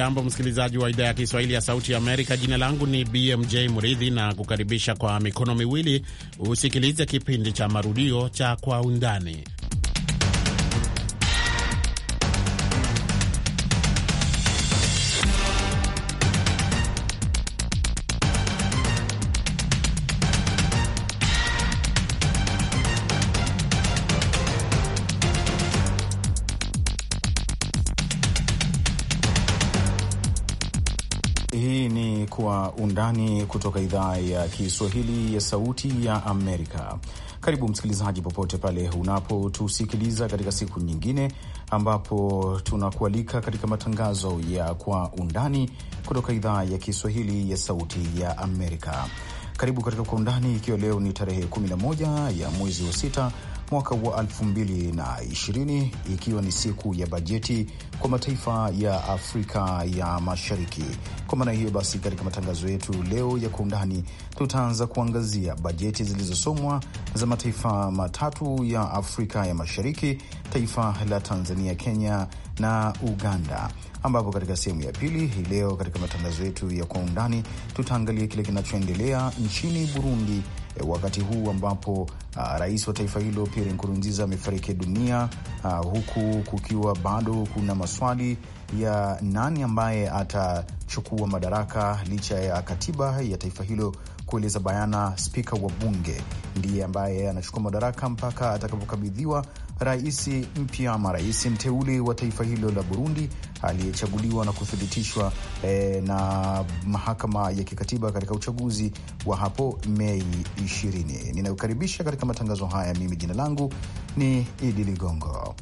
Hujambo msikilizaji wa idhaa ya Kiswahili ya Sauti ya Amerika. Jina langu ni BMJ Mridhi na kukaribisha kwa mikono miwili usikilize kipindi cha marudio cha Kwa Undani. undani kutoka idhaa ya Kiswahili ya Sauti ya Amerika. Karibu msikilizaji, popote pale unapotusikiliza katika siku nyingine ambapo tunakualika katika matangazo ya Kwa Undani kutoka idhaa ya Kiswahili ya Sauti ya Amerika. Karibu katika Kwa Undani, ikiwa leo ni tarehe 11 ya mwezi wa sita mwaka wa 2020 ikiwa ni siku ya bajeti kwa mataifa ya Afrika ya Mashariki. Kwa maana hiyo basi, katika matangazo yetu leo ya kwa undani, tutaanza kuangazia bajeti zilizosomwa za mataifa matatu ya Afrika ya Mashariki, taifa la Tanzania, Kenya na Uganda, ambapo katika sehemu ya pili hii leo katika matangazo yetu ya kwa undani tutaangalia kile kinachoendelea nchini Burundi wakati huu ambapo uh, rais wa taifa hilo Pierre Nkurunziza amefariki dunia uh, huku kukiwa bado kuna maswali ya nani ambaye atachukua madaraka licha ya katiba ya taifa hilo kueleza bayana spika wa bunge ndiye ambaye anachukua madaraka mpaka atakapokabidhiwa rais mpya ama rais mteule wa taifa hilo la Burundi aliyechaguliwa na kuthibitishwa e, na mahakama ya kikatiba katika uchaguzi wa hapo Mei 20. ninayokaribisha katika matangazo haya, mimi jina langu ni Idi Ligongo.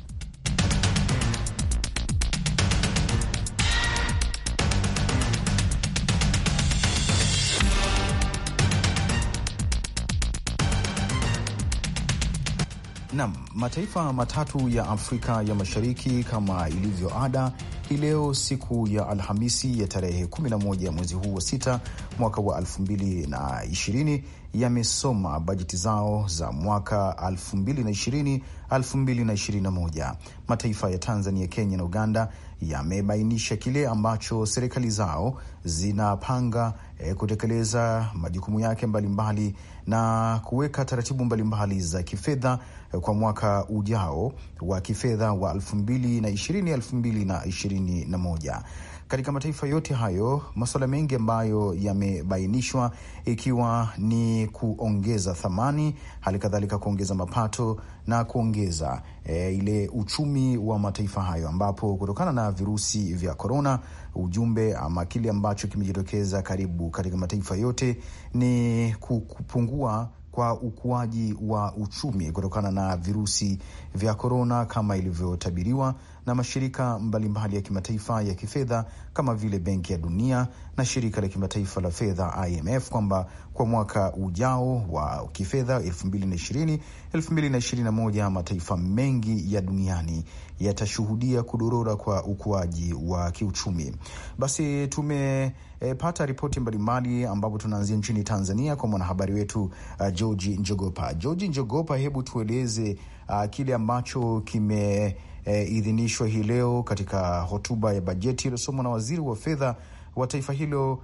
Nam, mataifa matatu ya Afrika ya Mashariki kama ilivyo ada, hii leo siku ya Alhamisi ya tarehe 11 ya mwezi huu wa sita mwaka wa 2020 yamesoma bajeti zao za mwaka 2020 2021. Mataifa ya Tanzania, Kenya na Uganda yamebainisha kile ambacho serikali zao zinapanga e, kutekeleza majukumu yake mbalimbali mbali, na kuweka taratibu mbalimbali mbali za kifedha e, kwa mwaka ujao wa kifedha wa 2020 2021. Katika mataifa yote hayo masuala mengi ambayo yamebainishwa ikiwa ni kuongeza thamani, hali kadhalika kuongeza mapato na kuongeza e, ile uchumi wa mataifa hayo, ambapo kutokana na virusi vya korona ujumbe ama kile ambacho kimejitokeza karibu katika mataifa yote ni kupungua kwa ukuaji wa uchumi kutokana na virusi vya korona kama ilivyotabiriwa na mashirika mbalimbali ya kimataifa ya kifedha kama vile Benki ya Dunia na shirika la kimataifa la fedha IMF kwamba kwa mwaka ujao wa kifedha 2020 2021 mataifa mengi ya duniani yatashuhudia kudorora kwa ukuaji wa kiuchumi. Basi tumepata e, ripoti mbalimbali ambapo tunaanzia nchini Tanzania kwa mwanahabari wetu uh, Georgi Njogopa. Georgi Njogopa, hebu tueleze uh, kile ambacho kime e, idhinishwa hii leo katika hotuba ya bajeti iliyosomwa na waziri wa fedha wa taifa hilo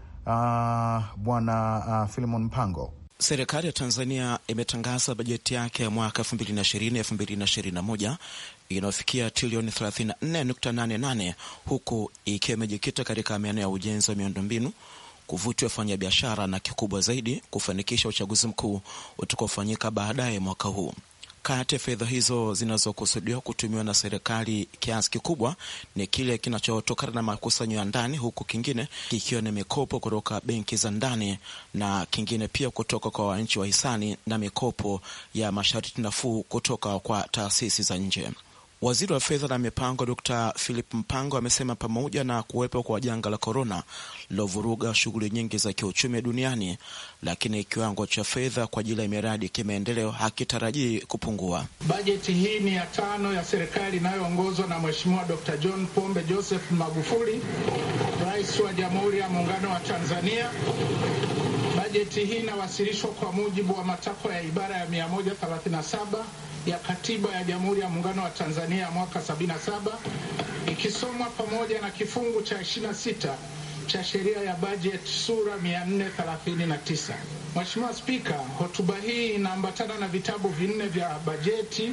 Bwana Filemon Mpango. Serikali ya Tanzania imetangaza bajeti yake ya mwaka 2020 2021 inayofikia trilioni 34.88 huku ikiwa imejikita katika maeneo ya ujenzi wa miundombinu, kuvutia wafanyabiashara na kikubwa zaidi, kufanikisha uchaguzi mkuu utakaofanyika baadaye mwaka huu. Kati ya fedha hizo zinazokusudiwa kutumiwa na serikali, kiasi kikubwa ni kile kinachotokana na makusanyo ya ndani, huku kingine kikiwa ni mikopo kutoka benki za ndani na kingine pia kutoka kwa wananchi wa hisani na mikopo ya masharti nafuu kutoka kwa taasisi za nje. Waziri wa fedha na mipango Dr. Philip Mpango amesema pamoja na kuwepo kwa janga la korona lilovuruga shughuli nyingi za kiuchumi duniani, lakini kiwango cha fedha kwa ajili ya miradi kimaendeleo hakitarajii kupungua. Bajeti hii ni ya tano ya serikali inayoongozwa na Mheshimiwa Dr. John Pombe Joseph Magufuli, rais wa Jamhuri ya Muungano wa Tanzania. Bajeti hii inawasilishwa kwa mujibu wa matakwa ya ibara ya 137 ya Katiba ya Jamhuri ya Muungano wa Tanzania ya mwaka 77 ikisomwa pamoja na kifungu cha 26 cha sheria ya bajeti sura 439. Mheshimiwa Spika, hotuba hii inaambatana na vitabu vinne vya bajeti.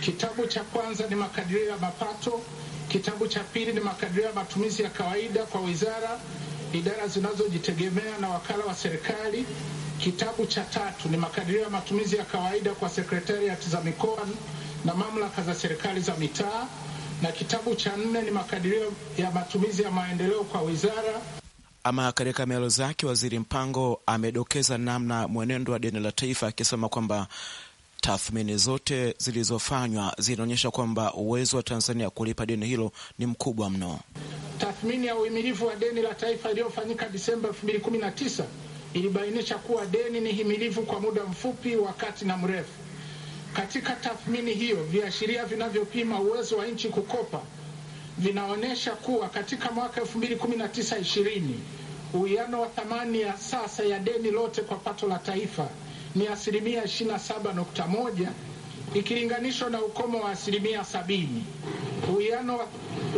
Kitabu cha kwanza ni makadirio ya mapato, kitabu cha pili ni makadirio ya matumizi ya kawaida kwa wizara, idara zinazojitegemea na wakala wa serikali, Kitabu cha tatu ni makadirio ya matumizi ya kawaida kwa sekretariati za mikoa na mamlaka za serikali za mitaa, na kitabu cha nne ni makadirio ya matumizi ya maendeleo kwa wizara. Ama katika melo zake, Waziri Mpango amedokeza namna mwenendo wa deni la taifa, akisema kwamba tathmini zote zilizofanywa zinaonyesha kwamba uwezo wa Tanzania kulipa deni hilo ni mkubwa mno. Tathmini ya uhimilivu wa deni la taifa iliyofanyika Disemba 2019 ilibainisha kuwa deni ni himilivu kwa muda mfupi, wakati na mrefu. Katika tathmini hiyo, viashiria vinavyopima uwezo wa nchi kukopa vinaonyesha kuwa katika mwaka 2019-20 uwiano wa thamani ya sasa ya deni lote kwa pato la taifa ni asilimia 27.1 ikilinganishwa na ukomo wa asilimia sabini. Uwiano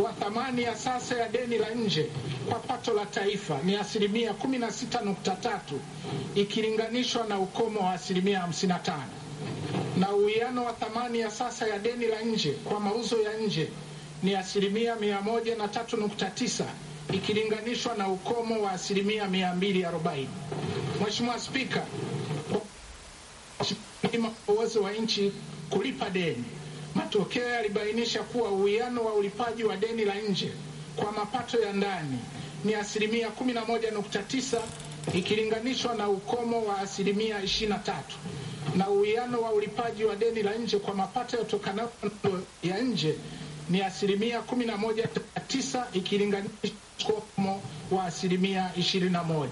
wa thamani ya sasa ya deni la nje kwa pato la taifa ni asilimia 16.3 ikilinganishwa na ukomo wa asilimia 55, na uwiano wa thamani ya sasa ya deni la nje kwa mauzo ya nje ni asilimia 103.9 ikilinganishwa na ukomo wa asilimia 240. Mheshimiwa Spika, uwezo wa nchi kulipa deni. Matokeo yalibainisha kuwa uwiano wa ulipaji wa deni la nje kwa mapato ya ndani ni asilimia 11.9 ikilinganishwa na ukomo wa asilimia 23 na uwiano wa ulipaji wa deni la nje kwa mapato yatokanayo ya nje ni asilimia 11.9 ikilinganishwa na ukomo wa asilimia 21.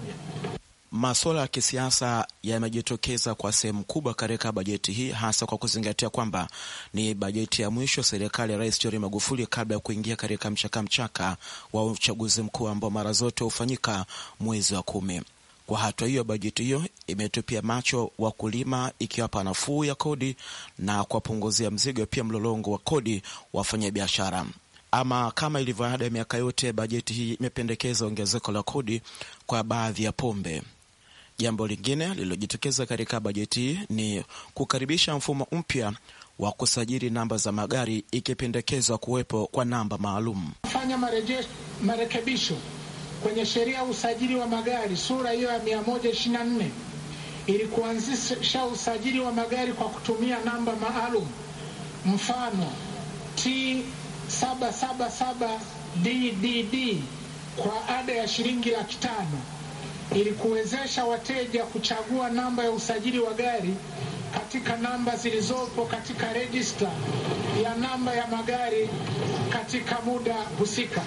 Masuala ya kisiasa yamejitokeza kwa sehemu kubwa katika bajeti hii, hasa kwa kuzingatia kwamba ni bajeti ya mwisho serikali ya Rais John Magufuli kabla ya kuingia katika mchakamchaka wa uchaguzi mkuu ambao mara zote hufanyika mwezi wa kumi. Kwa hatua hiyo, bajeti hiyo imetupia macho wakulima, ikiwapa nafuu ya kodi na kuwapunguzia mzigo pia mlolongo wa kodi wafanyabiashara. Ama kama ilivyo ada ya miaka yote, bajeti hii imependekeza ongezeko la kodi kwa baadhi ya pombe Jambo lingine lililojitokeza katika bajeti hii ni kukaribisha mfumo mpya wa kusajili namba za magari, ikipendekezwa kuwepo kwa namba maalum. Fanya marekebisho kwenye sheria ya usajili wa magari sura hiyo ya 124 ili kuanzisha usajili wa magari kwa kutumia namba maalum, mfano T777 DDD kwa ada ya shilingi laki tano ili kuwezesha wateja kuchagua namba ya usajili wa gari katika namba zilizopo katika rejista ya namba ya magari katika muda husika.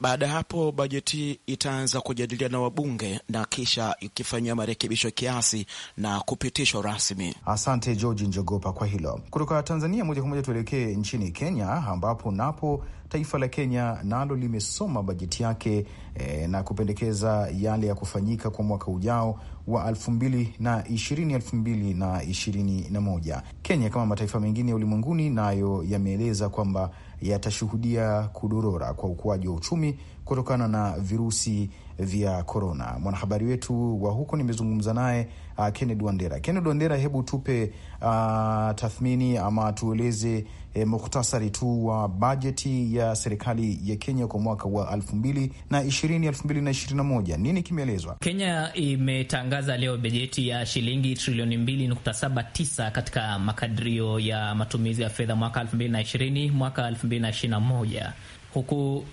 Baada ya hapo bajeti itaanza kujadiliwa na wabunge na kisha ikifanyiwa marekebisho kiasi na kupitishwa rasmi. Asante Georgi Njogopa kwa hilo. Kutoka Tanzania moja kwa moja tuelekee nchini Kenya, ambapo napo taifa la Kenya nalo limesoma bajeti yake e, na kupendekeza yale ya kufanyika kwa mwaka ujao wa elfu mbili na ishirini elfu mbili na ishirini na moja. Kenya kama mataifa mengine ya ulimwenguni nayo yameeleza kwamba yatashuhudia kudorora kwa ukuaji wa uchumi kutokana na virusi vya korona. Mwanahabari wetu wa huko nimezungumza naye uh, Kennedy Wandera. Kennedy Wandera, hebu tupe uh, tathmini ama tueleze eh, muhtasari tu wa uh, bajeti ya serikali ya Kenya kwa mwaka wa elfu mbili na ishirini elfu mbili na ishirini na moja nini kimeelezwa? Kenya imetangaza leo bajeti ya shilingi trilioni mbili nukta saba tisa katika makadirio ya matumizi ya fedha mwaka elfu mbili na ishirini mwaka elfu mbili na ishirini na moja huku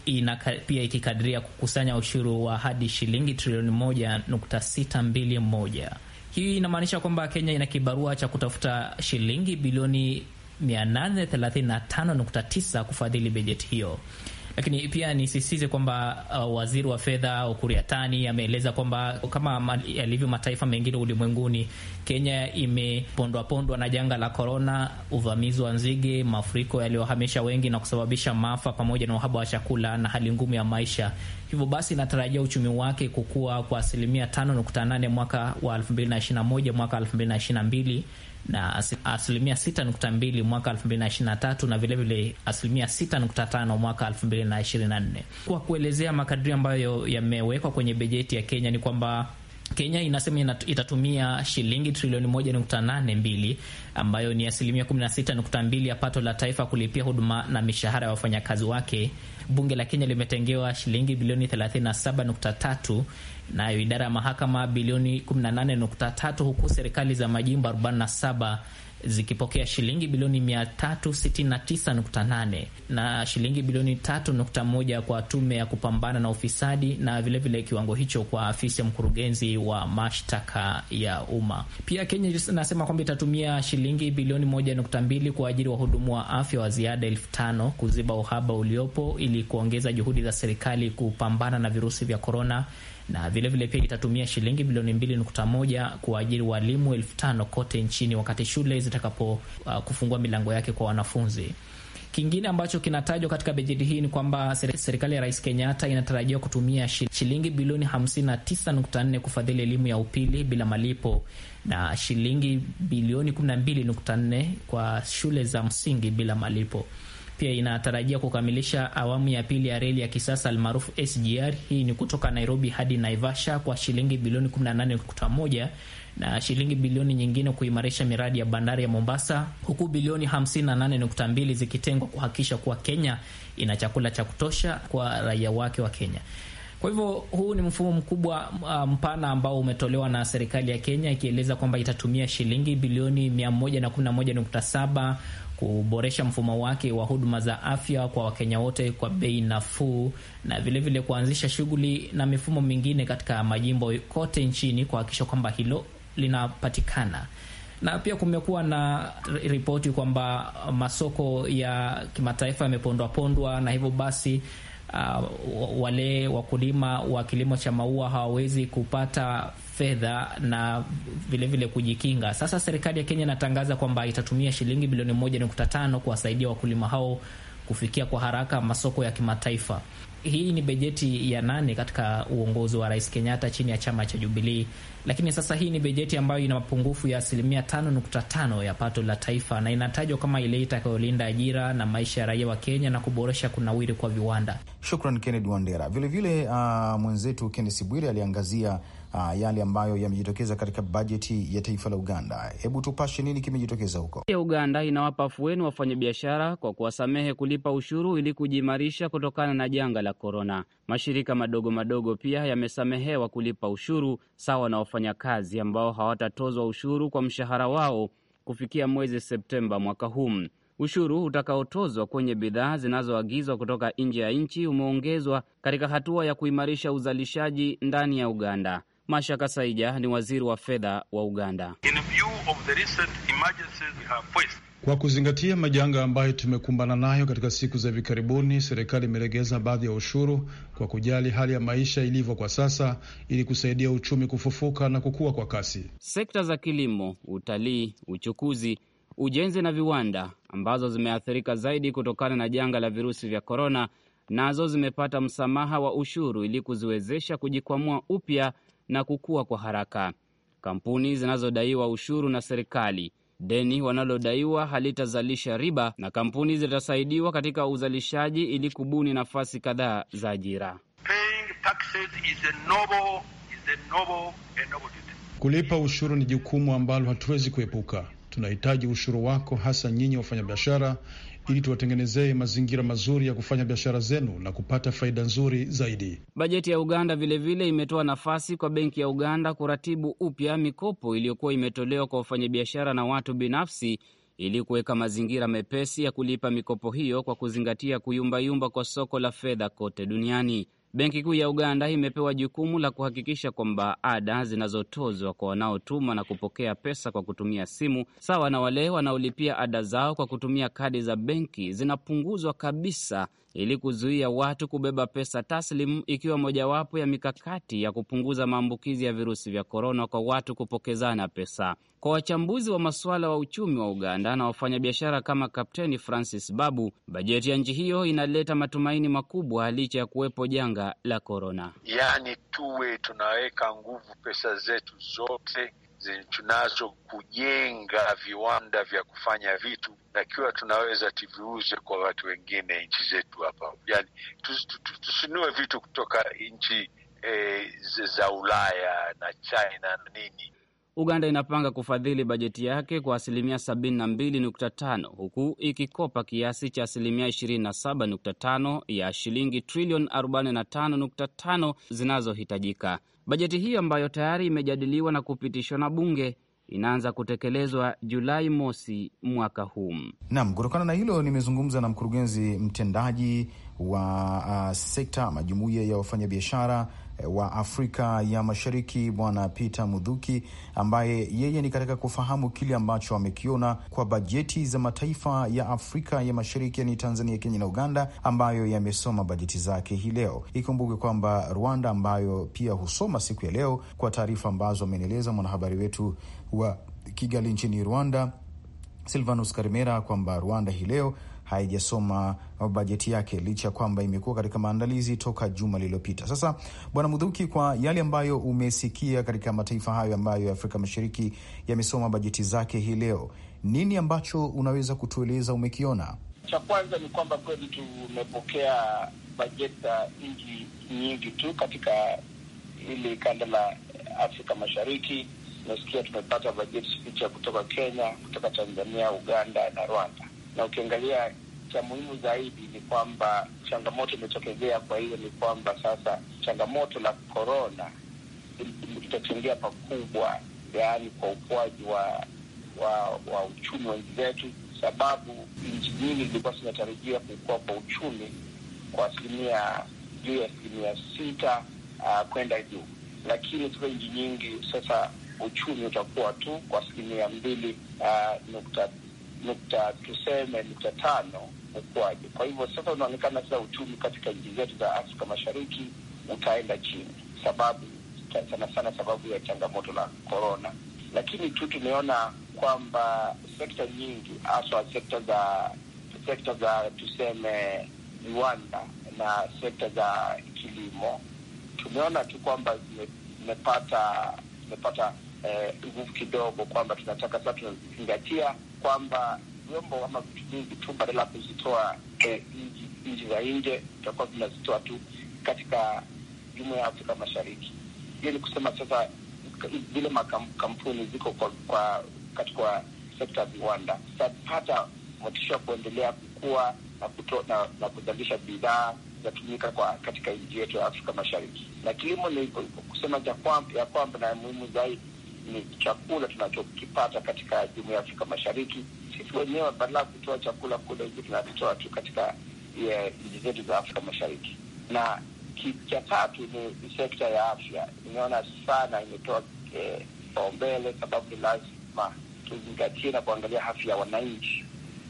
pia ikikadiria kukusanya ushuru wa hadi shilingi trilioni moja nukta sita mbili moja hii inamaanisha kwamba Kenya ina kibarua cha kutafuta shilingi bilioni 835.9 kufadhili bajeti hiyo. Lakini pia nisisitize kwamba uh, waziri wa fedha Ukur Yatani ameeleza kwamba kama yalivyo mataifa mengine ulimwenguni, Kenya imepondwapondwa na janga la korona, uvamizi wa nzige, mafuriko yaliyohamisha wengi na kusababisha maafa, pamoja na uhaba wa chakula na hali ngumu ya maisha. Hivyo basi inatarajia uchumi wake kukua kwa asilimia 5.8 mwaka wa 2021 mwaka 2022 na asilimia 6.2 mwaka 2023 na vilevile asilimia 6.5 mwaka 2024. Kwa kuelezea makadirio ambayo yamewekwa kwenye bajeti ya Kenya ni kwamba Kenya inasema itatumia shilingi trilioni 1.82 ambayo ni asilimia 16.2 ya pato la taifa kulipia huduma na mishahara ya wafanyakazi wake. Bunge la Kenya limetengewa shilingi bilioni 37.3 nayo idara ya mahakama bilioni 18.3 huku serikali za majimbo 47 zikipokea shilingi bilioni 369.8 na shilingi bilioni 3.1 kwa tume ya kupambana na ufisadi na vilevile kiwango hicho kwa afisi ya mkurugenzi wa mashtaka ya umma. Pia Kenya inasema kwamba itatumia shilingi bilioni 1.2 kwa ajili wahudumu wa afya wa ziada elfu tano kuziba uhaba uliopo ili kuongeza juhudi za serikali kupambana na virusi vya korona na vilevile pia itatumia shilingi bilioni mbili nukta moja kuajiri walimu elfu tano kote nchini wakati shule zitakapo uh, kufungua milango yake kwa wanafunzi. Kingine ambacho kinatajwa katika bajeti hii ni kwamba serikali ya Rais Kenyatta inatarajiwa kutumia shilingi bilioni 59.4 kufadhili elimu ya upili bila malipo na shilingi bilioni 12.4 kwa shule za msingi bila malipo. Pia inatarajia kukamilisha awamu ya pili ya reli ya kisasa almaarufu SGR. Hii ni kutoka Nairobi hadi Naivasha kwa shilingi bilioni 18.1 na shilingi bilioni nyingine kuimarisha miradi ya bandari ya Mombasa, huku bilioni 58.2 zikitengwa kuhakikisha kuwa Kenya ina chakula cha kutosha kwa raia wake wa Kenya. Kwa hivyo huu ni mfumo mkubwa mpana ambao umetolewa na serikali ya Kenya ikieleza kwamba itatumia shilingi bilioni 111.7 kuboresha mfumo wake wa huduma za afya kwa Wakenya wote kwa bei nafuu, na vilevile vile kuanzisha shughuli na mifumo mingine katika majimbo kote nchini kuhakikisha kwamba hilo linapatikana na pia kumekuwa na ripoti kwamba masoko ya kimataifa yamepondwapondwa na hivyo basi uh, wale wakulima wa kilimo cha maua hawawezi kupata fedha na vilevile vile kujikinga. Sasa serikali ya Kenya inatangaza kwamba itatumia shilingi bilioni moja nukta tano kuwasaidia wakulima hao kufikia kwa haraka masoko ya kimataifa hii ni bajeti ya nane katika uongozi wa Rais Kenyatta chini ya chama cha Jubilii, lakini sasa hii ni bajeti ambayo ina mapungufu ya asilimia tano nukta ya pato la taifa na inatajwa kama ile itakayolinda ajira na maisha ya raia wa Kenya na kuboresha kunawiri kwa viwanda. Shukran Kennedy Wandera. Vilevile uh, mwenzetu Kennesi Bwire aliangazia uh, yale ambayo yamejitokeza katika bajeti ya taifa la Uganda. Hebu tupashe, nini kimejitokeza huko? ya Uganda inawapa afueni wafanyabiashara kwa kuwasamehe kulipa ushuru ili kujiimarisha kutokana na janga la korona. Mashirika madogo madogo pia yamesamehewa kulipa ushuru sawa na wafanyakazi ambao hawatatozwa ushuru kwa mshahara wao kufikia mwezi Septemba mwaka huu. Ushuru utakaotozwa kwenye bidhaa zinazoagizwa kutoka nje ya nchi umeongezwa katika hatua ya kuimarisha uzalishaji ndani ya Uganda. Mashaka Saija ni waziri wa fedha wa Uganda. Kwa kuzingatia majanga ambayo tumekumbana nayo katika siku za hivi karibuni, serikali imelegeza baadhi ya ushuru kwa kujali hali ya maisha ilivyo kwa sasa, ili kusaidia uchumi kufufuka na kukua kwa kasi. Sekta za kilimo, utalii, uchukuzi, ujenzi na viwanda ambazo zimeathirika zaidi kutokana na janga la virusi vya korona, nazo zimepata msamaha wa ushuru ili kuziwezesha kujikwamua upya na kukua kwa haraka. Kampuni zinazodaiwa ushuru na serikali, deni wanalodaiwa halitazalisha riba, na kampuni zitasaidiwa katika uzalishaji ili kubuni nafasi kadhaa za ajira. Kulipa ushuru ni jukumu ambalo hatuwezi kuepuka. Tunahitaji ushuru wako, hasa nyinyi wafanyabiashara, ili tuwatengenezee mazingira mazuri ya kufanya biashara zenu na kupata faida nzuri zaidi. Bajeti ya Uganda vilevile vile imetoa nafasi kwa Benki ya Uganda kuratibu upya mikopo iliyokuwa imetolewa kwa wafanyabiashara na watu binafsi ili kuweka mazingira mepesi ya kulipa mikopo hiyo kwa kuzingatia kuyumbayumba kwa soko la fedha kote duniani. Benki Kuu ya Uganda imepewa jukumu la kuhakikisha kwamba ada zinazotozwa kwa wanaotuma na kupokea pesa kwa kutumia simu, sawa na wale wanaolipia ada zao kwa kutumia kadi za benki, zinapunguzwa kabisa ili kuzuia watu kubeba pesa taslim, ikiwa mojawapo ya mikakati ya kupunguza maambukizi ya virusi vya korona kwa watu kupokezana pesa. Kwa wachambuzi wa masuala wa uchumi wa Uganda na wafanyabiashara kama Kapteni Francis Babu, bajeti ya nchi hiyo inaleta matumaini makubwa licha ya kuwepo janga la korona. Yaani tuwe tunaweka nguvu pesa zetu zote tunazo kujenga viwanda vya kufanya vitu, nakiwa tunaweza tuviuze kwa watu wengine nchi zetu hapa, yani tusinue vitu kutoka nchi e, za Ulaya na China na nini. Uganda inapanga kufadhili bajeti yake kwa asilimia sabini na mbili nukta tano huku ikikopa kiasi cha asilimia ishirini na saba nukta tano ya shilingi trilioni arobaini zinazohitajika Bajeti hiyo ambayo tayari imejadiliwa na kupitishwa na bunge inaanza kutekelezwa Julai mosi mwaka huu. Naam, kutokana na hilo nimezungumza na mkurugenzi mtendaji wa uh, sekta ama ya wafanyabiashara Eh, wa Afrika ya Mashariki Bwana Peter Mudhuki, ambaye yeye ni katika kufahamu kile ambacho amekiona kwa bajeti za mataifa ya Afrika ya Mashariki, yani Tanzania, Kenya na Uganda, ambayo yamesoma bajeti zake hii leo. Ikumbuke kwamba Rwanda ambayo pia husoma siku ya leo, kwa taarifa ambazo amenieleza mwanahabari wetu wa Kigali nchini Rwanda, Silvanus Karimera, kwamba Rwanda hii leo haijasoma bajeti yake licha ya kwamba imekuwa katika maandalizi toka juma lililopita. Sasa Bwana Mudhuki, kwa yale ambayo umesikia katika mataifa hayo ambayo ya Afrika Mashariki yamesoma bajeti zake hii leo, nini ambacho unaweza kutueleza umekiona? Cha kwanza ni kwamba kweli tumepokea bajeti za nchi nyingi tu katika hili kanda la Afrika Mashariki. Nasikia tumepata bajeti picha kutoka Kenya, kutoka Tanzania, Uganda na Rwanda na ukiangalia cha muhimu zaidi ni kwamba changamoto imetokezea. Kwa hiyo ni kwamba sasa changamoto la korona itachangia pakubwa, yaani kwa ukuaji wa, wa wa uchumi wa nchi zetu, sababu nchi nyingi zilikuwa zinatarajia kukua kwa uchumi kwa asilimia juu ya asilimia sita uh, kwenda juu, lakini sasa nchi nyingi sasa uchumi utakuwa tu kwa asilimia mbili uh, nukta nukta tuseme nukta tano ukuaji. Kwa hivyo sasa unaonekana sasa uchumi katika nchi zetu za Afrika Mashariki utaenda chini, sababu sana sana sababu ya changamoto la korona, lakini tu tumeona kwamba sekta nyingi haswa sekta za sekta za tuseme viwanda na sekta za kilimo tumeona tu kwamba zimepata zimepata eh, nguvu eh, kidogo, kwamba tunataka sasa tunazingatia kwamba vyombo ama vitu vingi tu badala ya kuzitoa eh, za nje vitakuwa vinazitoa tu katika jumuiya ya Afrika Mashariki. Hiyo ni kusema sasa vile makampuni ziko kwa, kwa katika sekta ya viwanda hata motisha ya kuendelea kukua na, na, na kuzalisha bidhaa zatumika kwa katika nchi yetu ya Afrika Mashariki, na kilimo ni kusema ya kwamba na muhimu zaidi ni chakula tunachokipata katika jumuiya ya Afrika Mashariki, sisi wenyewe badala ya kutoa chakula kule nje tunatoa tu katika eh, nchi zetu za Afrika Mashariki. Na cha tatu ni sekta ya afya, imeona sana imetoa eh, kipaumbele, sababu ni lazima tuzingatie na kuangalia afya ya wananchi,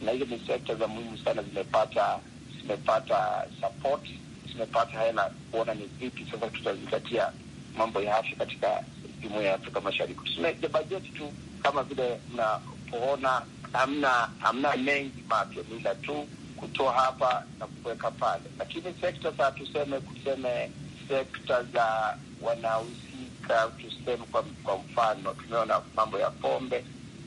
na hizo ni sekta za muhimu sana zimepata zimepata support, zimepata hela kuona ni vipi sasa tutazingatia mambo ya afya katika jumuiya ya Afrika Mashariki. Tuseme the bajeti tu, kama vile mnapoona, hamna hamna mengi mapya, ila tu kutoa hapa na kuweka pale, lakini sekta za tuseme kuseme sekta za wanahusika tuseme, kwa, kwa mfano tumeona mambo ya pombe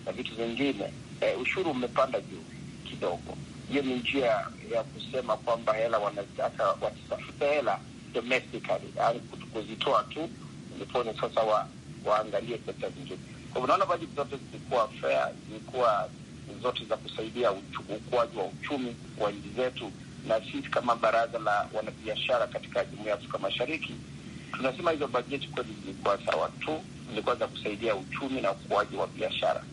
na vitu vingine eh, ushuru umepanda juu kidogo. Hiyo ni njia ya kusema kwamba hela wanataka watafute hela domestically, kuzitoa tu ndipo sasa wa waangalie sekta zingine. Kwa hivyo naona bajeti zote zilikuwa fair, zilikuwa zote za kusaidia ukuaji wa uchumi wa nchi zetu, na sisi kama baraza la wanabiashara katika jumuiya ya Afrika Mashariki tunasema hizo bajeti kweli zilikuwa sawa tu, zilikuwa za kusaidia uchumi na ukuaji wa biashara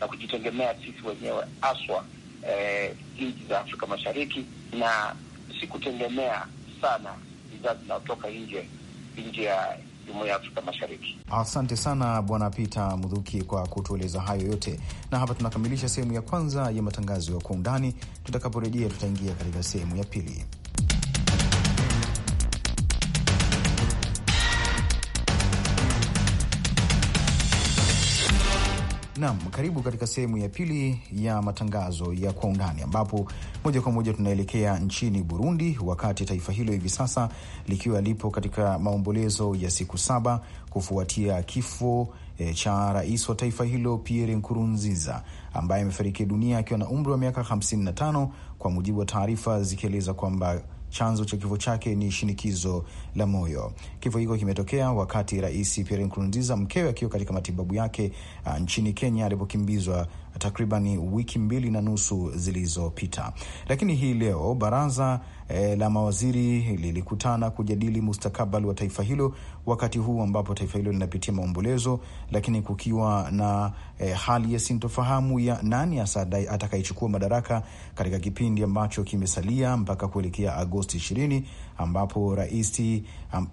na kujitegemea sisi wenyewe haswa eh, nchi za Afrika Mashariki, na si kutegemea sana bidhaa zinaotoka nje nje ya jumuiya ya Afrika Mashariki. Asante sana Bwana Peter Mudhuki kwa kutueleza hayo yote, na hapa tunakamilisha sehemu ya kwanza ya matangazo ya Kwa Undani. Tutakaporejea tutaingia katika sehemu ya pili. Naam, karibu katika sehemu ya pili ya matangazo ya kwa undani, ambapo moja kwa moja tunaelekea nchini Burundi, wakati taifa hilo hivi sasa likiwa lipo katika maombolezo ya siku saba kufuatia kifo e, cha rais wa taifa hilo Pierre Nkurunziza ambaye amefariki dunia akiwa na umri wa miaka 55 kwa mujibu wa taarifa zikieleza kwamba Chanzo cha kifo chake ni shinikizo la moyo. Kifo hicho kimetokea wakati Rais Pierre Nkurunziza mkewe akiwa katika matibabu yake ah, nchini Kenya alipokimbizwa takriban wiki mbili na nusu zilizopita. Lakini hii leo baraza e, la mawaziri lilikutana kujadili mustakabali wa taifa hilo, wakati huu ambapo taifa hilo linapitia maombolezo, lakini kukiwa na e, hali ya sintofahamu ya nani hasa atakayechukua madaraka katika kipindi ambacho kimesalia mpaka kuelekea Agosti ishirini ambapo raisi am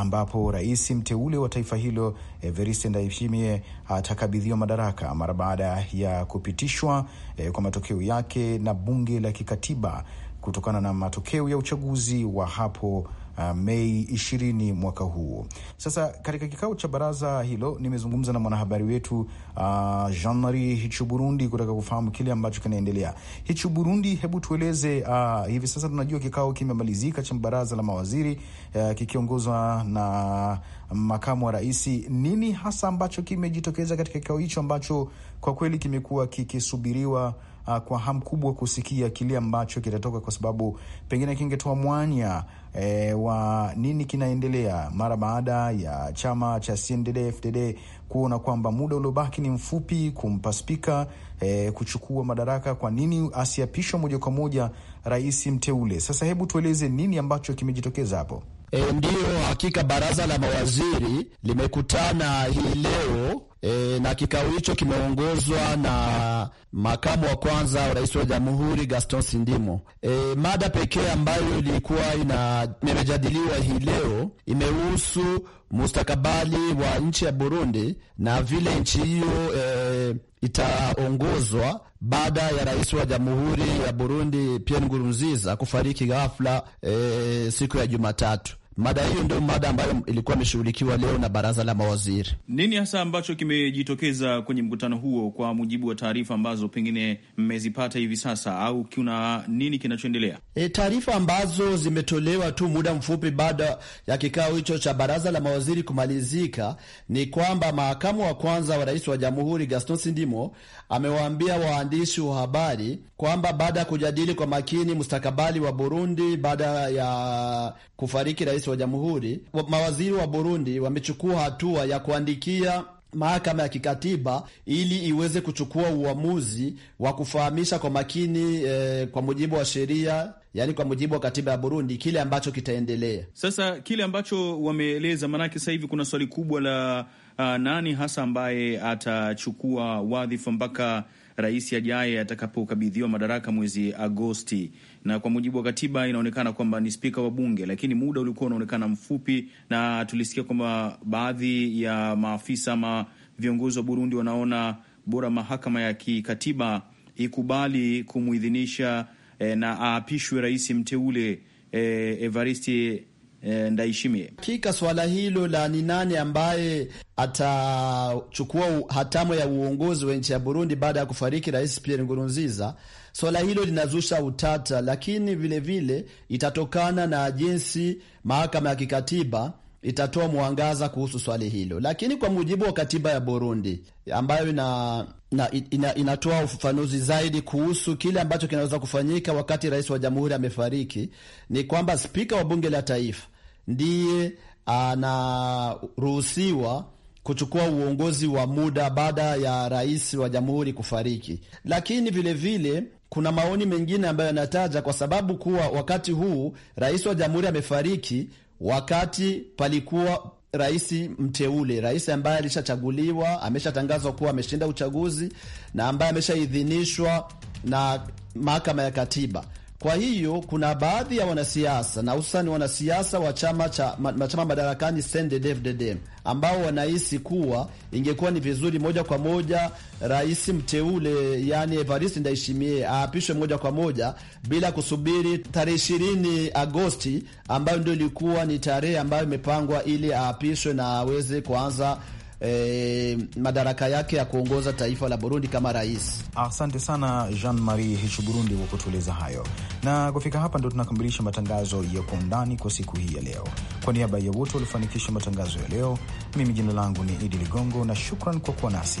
ambapo rais mteule wa taifa hilo Evariste Ndayishimiye atakabidhiwa madaraka mara baada ya kupitishwa e, kwa matokeo yake na bunge la kikatiba kutokana na matokeo ya uchaguzi wa hapo uh, Mei ishirini mwaka huu. Sasa katika kikao cha baraza hilo nimezungumza na mwanahabari wetu uh, Jean Marie Hichu Burundi kutaka kufahamu kile ambacho kinaendelea. Hichu Burundi, hebu tueleze uh, hivi sasa tunajua kikao kimemalizika cha baraza la mawaziri uh, kikiongozwa na makamu wa rais. Nini hasa ambacho kimejitokeza katika kikao hicho ambacho kwa kweli kimekuwa kikisubiriwa uh, kwa hamu kubwa kusikia kile ambacho kitatoka, kwa sababu pengine kingetoa mwanya e, wa nini kinaendelea mara baada ya chama cha CNDD-FDD kuona kwamba muda uliobaki ni mfupi kumpa spika e, kuchukua madaraka. Kwa nini asiapishwa moja kwa moja rais mteule? Sasa hebu tueleze nini ambacho kimejitokeza hapo. E, ndiyo hakika baraza la mawaziri limekutana hii leo E, na kikao hicho kimeongozwa na makamu wa kwanza wa rais wa jamhuri Gaston Sindimo. E, mada pekee ambayo ilikuwa ina imejadiliwa hii leo imehusu mustakabali wa nchi ya Burundi na vile nchi hiyo e, itaongozwa baada ya rais wa jamhuri ya Burundi Pierre Nkurunziza kufariki ghafla e, siku ya Jumatatu. Mada hiyo ndio mada ambayo ilikuwa imeshughulikiwa leo na baraza la mawaziri. Nini hasa ambacho kimejitokeza kwenye mkutano huo, kwa mujibu wa taarifa ambazo pengine mmezipata hivi sasa, au kuna nini kinachoendelea? E, taarifa ambazo zimetolewa tu muda mfupi baada ya kikao hicho cha baraza la mawaziri kumalizika ni kwamba makamu wa kwanza wa rais wa jamhuri Gaston Sindimo amewaambia waandishi wa habari kwamba baada ya kujadili kwa makini mustakabali wa Burundi baada ya kufariki rais wa jamhuri, mawaziri wa Burundi wamechukua hatua ya kuandikia mahakama ya kikatiba ili iweze kuchukua uamuzi wa kufahamisha kwa makini eh, kwa mujibu wa sheria yaani kwa mujibu wa katiba ya Burundi kile ambacho kitaendelea sasa, kile ambacho wameeleza. Maanake sasa hivi kuna swali kubwa la uh, nani hasa ambaye atachukua wadhifa mpaka rais ajaye atakapokabidhiwa madaraka mwezi Agosti, na kwa mujibu wa katiba inaonekana kwamba ni spika wa bunge, lakini muda ulikuwa unaonekana mfupi, na tulisikia kwamba baadhi ya maafisa ama viongozi wa Burundi wanaona bora mahakama ya kikatiba ikubali kumuidhinisha eh, na aapishwe rais mteule eh, Evaristi E, ndaishimie hakika swala hilo la ni nani ambaye atachukua hatamu ya uongozi wa nchi ya Burundi baada ya kufariki Rais Pierre Nkurunziza. Swala hilo linazusha utata, lakini vilevile vile itatokana na jinsi mahakama ya kikatiba itatoa mwangaza kuhusu swali hilo. Lakini kwa mujibu wa katiba ya Burundi ambayo ina na ina, inatoa ufafanuzi zaidi kuhusu kile ambacho kinaweza kufanyika wakati rais wa jamhuri amefariki, ni kwamba spika wa bunge la taifa ndiye anaruhusiwa kuchukua uongozi wa muda baada ya rais wa jamhuri kufariki. Lakini vilevile vile, kuna maoni mengine ambayo yanataja kwa sababu kuwa wakati huu rais wa jamhuri amefariki wakati palikuwa rais mteule, rais ambaye alishachaguliwa, ameshatangazwa kuwa ameshinda uchaguzi na ambaye ameshaidhinishwa na mahakama ya katiba kwa hiyo kuna baadhi ya wanasiasa na hususani wanasiasa wa chama cha ma, chama madarakani CNDD-FDD ambao wanahisi kuwa ingekuwa ni vizuri moja kwa moja rais mteule yani Evariste Ndayishimiye aapishwe moja kwa moja bila kusubiri tarehe ishirini Agosti ambayo ndio ilikuwa ni tarehe ambayo imepangwa ili aapishwe na aweze kuanza eh, madaraka yake ya kuongoza taifa la Burundi kama rais. Asante sana Jean Marie Hichu Burundi kwa kutueleza hayo, na kufika hapa ndo tunakamilisha matangazo ya Kwa Undani kwa siku hii ya leo. Kwa niaba ya wote waliofanikisha matangazo ya leo, mimi jina langu ni Idi Ligongo na shukran kwa kuwa nasi.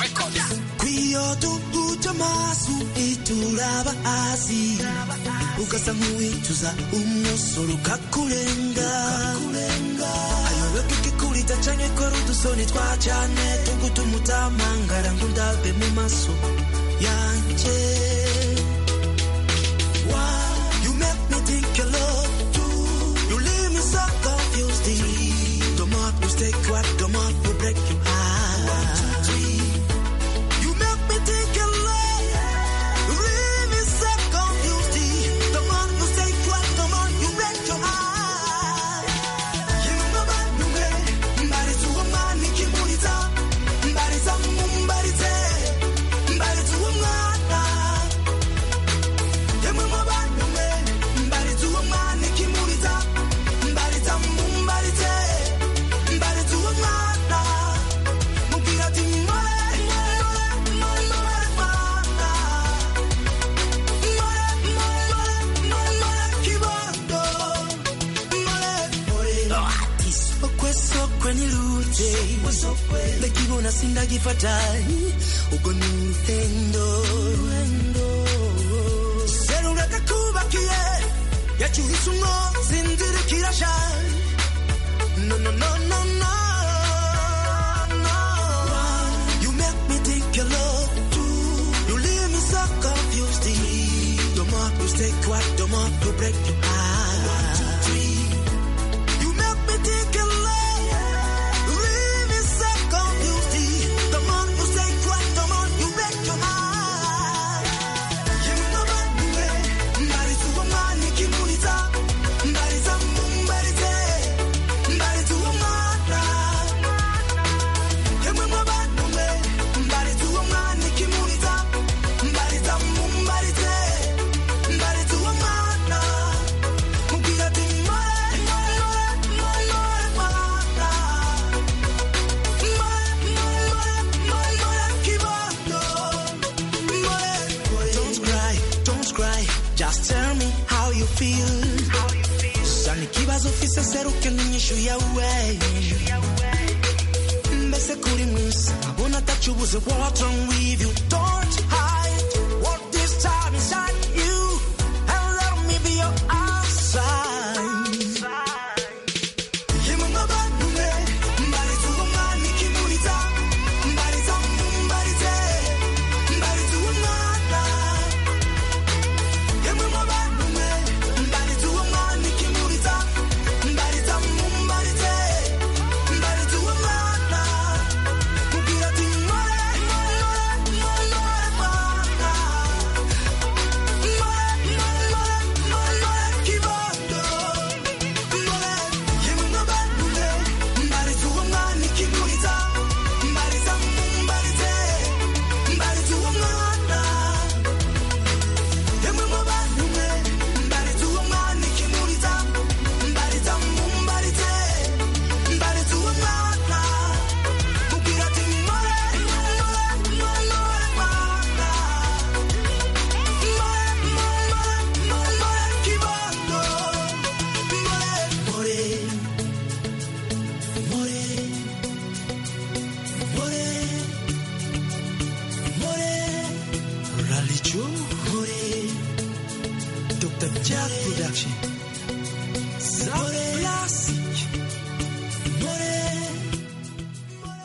Tutuja masu ituraba asi Ukasamu ituza umusoro kakurenga Ayoyo kikikulita chanye korudu soni twa chane Tungu tumutamangara ngundabe mu maso yanje You make me think your love too. You leave me so confused. you you break. ya away you kuri mwisi water atacubuze kuba watonga